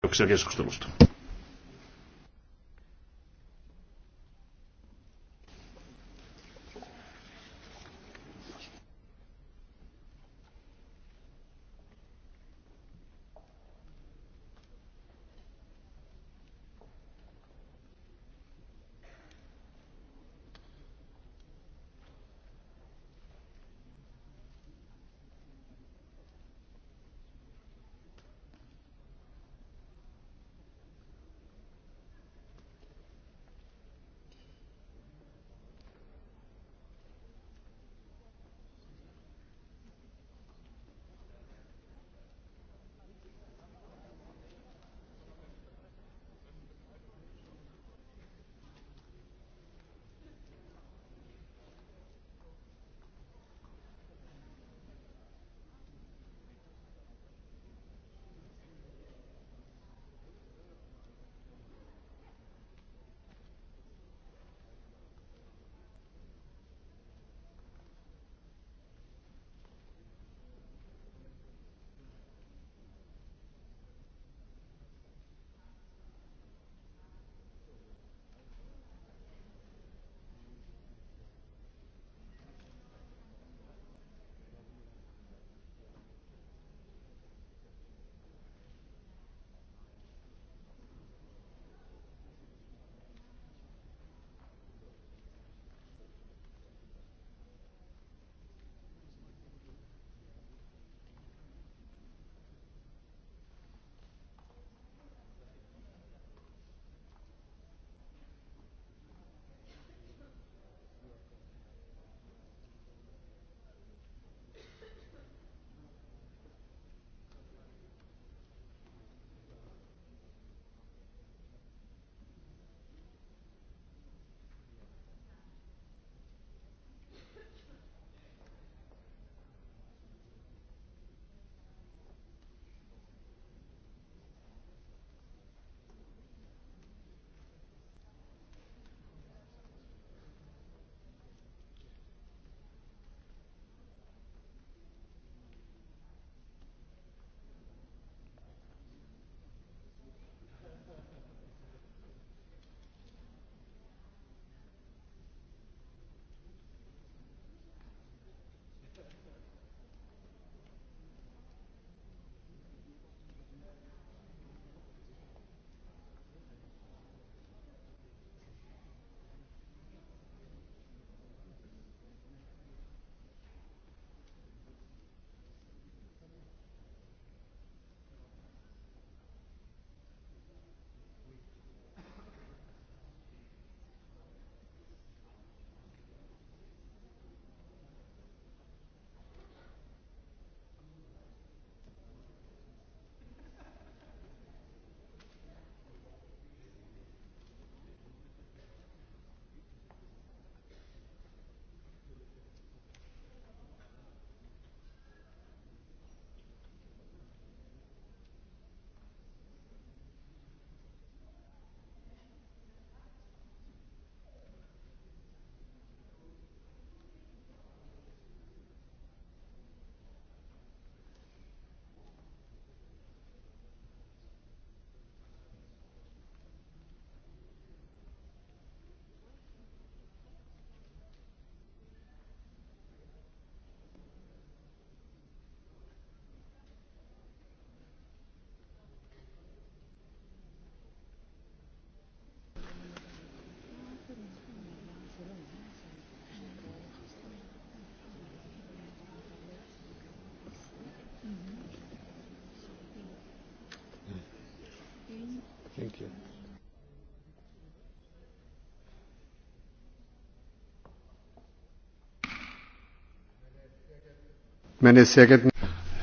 Kiitoksia keskustelusta.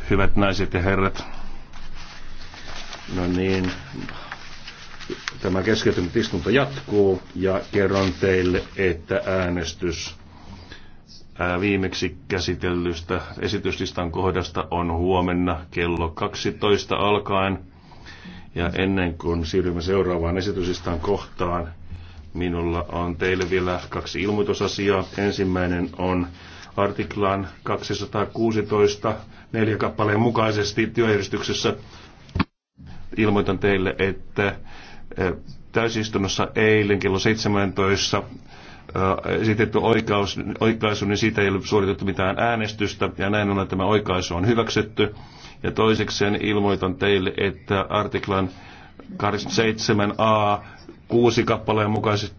Hyvät naiset ja herrat, no niin, tämä keskeytynyt istunto jatkuu ja kerron teille, että äänestys viimeksi käsitellystä esityslistan kohdasta on huomenna kello 12 alkaen. Ja ennen kuin siirrymme seuraavaan esityslistan kohtaan, Minulla on teille vielä kaksi ilmoitusasiaa. Ensimmäinen on artiklan 216 neljä kappaleen mukaisesti työjärjestyksessä. Ilmoitan teille, että eh, täysistunnossa eilen kello 17 eh, esitetty oikaus, oikaisu, niin siitä ei ole suoritettu mitään äänestystä, ja näin on, että tämä oikaisu on hyväksytty. Ja toisekseen ilmoitan teille, että artiklan 27 a kuusi kappaleen mukaisesti